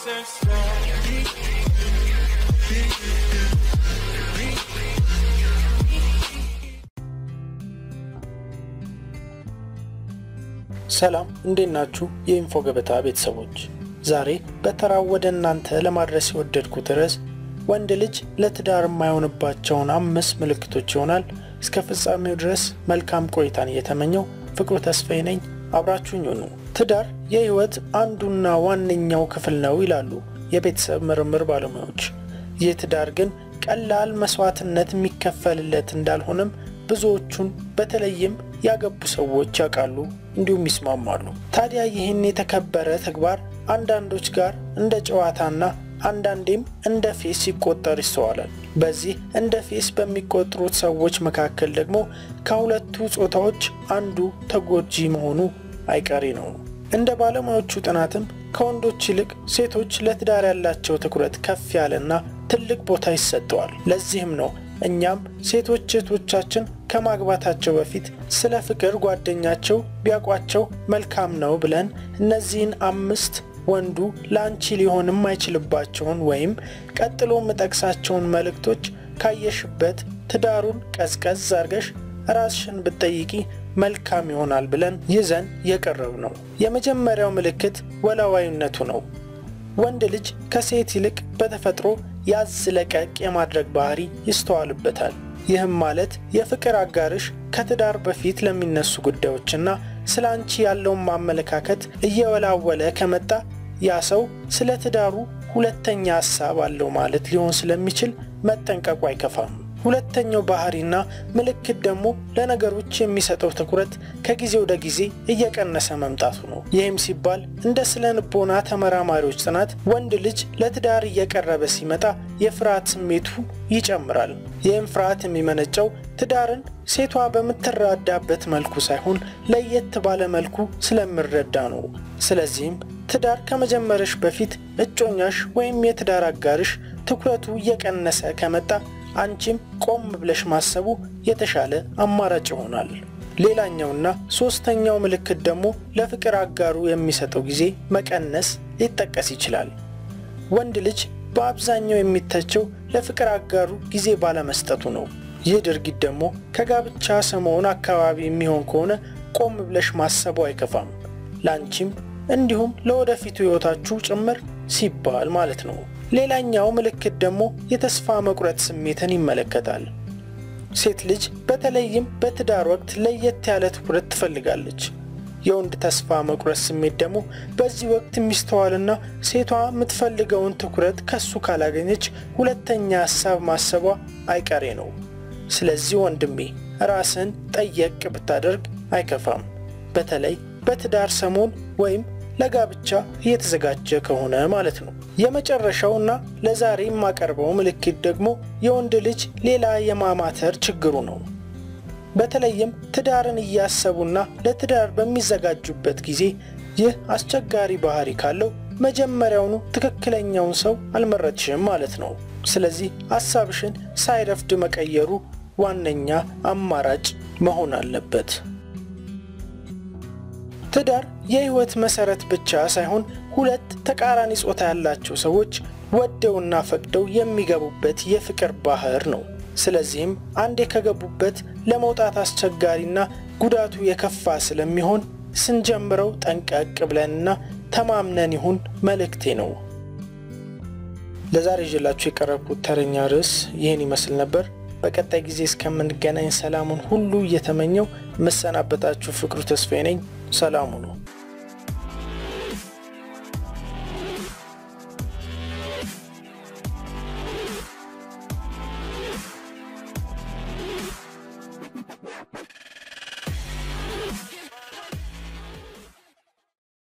ሰላም እንዴት ናችሁ የኢንፎ ገበታ ቤተሰቦች ዛሬ በተራው ወደ እናንተ ለማድረስ የወደድኩት ርዕስ ወንድ ልጅ ለትዳር የማይሆንባቸውን አምስት ምልክቶች ይሆናል እስከ ፍጻሜው ድረስ መልካም ቆይታን እየተመኘው ፍቅሩ ተስፋዬ ነኝ አብራችሁኝ ሁኑ። ትዳር የህይወት አንዱና ዋነኛው ክፍል ነው ይላሉ የቤተሰብ ምርምር ባለሙያዎች። ይህ ትዳር ግን ቀላል መስዋዕትነት የሚከፈልለት እንዳልሆነም ብዙዎቹን በተለይም ያገቡ ሰዎች ያውቃሉ እንዲሁም ይስማማሉ። ታዲያ ይህን የተከበረ ተግባር አንዳንዶች ጋር እንደ ጨዋታና አንዳንዴም እንደ ፌስ ይቆጠር ይስተዋላል። በዚህ እንደ ፌስ በሚቆጥሩት ሰዎች መካከል ደግሞ ከሁለቱ ጾታዎች አንዱ ተጎጂ መሆኑ አይቀሬ ነው። እንደ ባለሙያዎቹ ጥናትም ከወንዶች ይልቅ ሴቶች ለትዳር ያላቸው ትኩረት ከፍ ያለና ትልቅ ቦታ ይሰጠዋል። ለዚህም ነው እኛም ሴቶች እህቶቻችን ከማግባታቸው በፊት ስለ ፍቅር ጓደኛቸው ቢያውቋቸው መልካም ነው ብለን እነዚህን አምስት ወንዱ ለአንቺ ሊሆን የማይችልባቸውን ወይም ቀጥሎ ምጠቅሳቸውን መልእክቶች ካየሽበት ትዳሩን ቀዝቀዝ አርገሽ ራስሽን ብትጠይቂ መልካም ይሆናል ብለን ይዘን የቀረብ ነው። የመጀመሪያው ምልክት ወላዋይነቱ ነው። ወንድ ልጅ ከሴት ይልቅ በተፈጥሮ ያዝ ለቀቅ የማድረግ ባህሪ ይስተዋልበታል። ይህም ማለት የፍቅር አጋርሽ ከትዳር በፊት ለሚነሱ ጉዳዮችና ስለ አንቺ ያለውን ማመለካከት እየወላወለ ከመጣ ያ ሰው ስለ ትዳሩ ሁለተኛ ሀሳብ አለው ማለት ሊሆን ስለሚችል መጠንቀቁ አይከፋም። ሁለተኛው ባህሪና ምልክት ደግሞ ለነገሮች የሚሰጠው ትኩረት ከጊዜ ወደ ጊዜ እየቀነሰ መምጣቱ ነው። ይህም ሲባል እንደ ስነ ልቦና ተመራማሪዎች ጥናት ወንድ ልጅ ለትዳር እየቀረበ ሲመጣ የፍርሃት ስሜቱ ይጨምራል። ይህም ፍርሃት የሚመነጨው ትዳርን ሴቷ በምትራዳበት መልኩ ሳይሆን ለየት ባለ መልኩ ስለምረዳ ነው። ስለዚህም ትዳር ከመጀመርሽ በፊት እጮኛሽ ወይም የትዳር አጋርሽ ትኩረቱ እየቀነሰ ከመጣ አንቺም ቆም ብለሽ ማሰቡ የተሻለ አማራጭ ይሆናል። ሌላኛውና ሦስተኛው ምልክት ደግሞ ለፍቅር አጋሩ የሚሰጠው ጊዜ መቀነስ ሊጠቀስ ይችላል። ወንድ ልጅ በአብዛኛው የሚተቸው ለፍቅር አጋሩ ጊዜ ባለመስጠቱ ነው። ይህ ድርጊት ደግሞ ከጋብቻ ሰሞን አካባቢ የሚሆን ከሆነ ቆም ብለሽ ማሰቡ አይከፋም። ለአንቺም እንዲሁም ለወደፊቱ ህይወታችሁ ጭምር ሲባል ማለት ነው። ሌላኛው ምልክት ደግሞ የተስፋ መቁረጥ ስሜትን ይመለከታል። ሴት ልጅ በተለይም በትዳር ወቅት ለየት ያለ ትኩረት ትፈልጋለች። የወንድ ተስፋ መቁረጥ ስሜት ደግሞ በዚህ ወቅት የሚስተዋልና ሴቷ የምትፈልገውን ትኩረት ከሱ ካላገኘች ሁለተኛ ሀሳብ ማሰቧ አይቀሬ ነው። ስለዚህ ወንድሜ ራስን ጠየቅ ብታደርግ አይከፋም። በተለይ በትዳር ሰሞን ወይም ለጋብቻ እየተዘጋጀ ከሆነ ማለት ነው። የመጨረሻውና ለዛሬ የማቀርበው ምልክት ደግሞ የወንድ ልጅ ሌላ የማማተር ችግሩ ነው። በተለይም ትዳርን እያሰቡና ለትዳር በሚዘጋጁበት ጊዜ ይህ አስቸጋሪ ባህሪ ካለው መጀመሪያውኑ ትክክለኛውን ሰው አልመረጥሽም ማለት ነው። ስለዚህ ሀሳብሽን ሳይረፍድ መቀየሩ ዋነኛ አማራጭ መሆን አለበት። ትዳር የህይወት መሰረት ብቻ ሳይሆን ሁለት ተቃራኒ ጾታ ያላቸው ሰዎች ወደውና ፈቅደው የሚገቡበት የፍቅር ባህር ነው። ስለዚህም አንዴ ከገቡበት ለመውጣት አስቸጋሪና ጉዳቱ የከፋ ስለሚሆን ስንጀምረው ጠንቀቅ ብለንና ተማምነን ይሁን መልእክቴ ነው። ለዛሬ ይዤላችሁ የቀረብኩት ተረኛ ርዕስ ይህን ይመስል ነበር። በቀጣይ ጊዜ እስከምንገናኝ ሰላሙን ሁሉ እየተመኘው መሰናበታችሁ ፍቅሩ ተስፋዬ ነኝ። ሰላሙ ነው።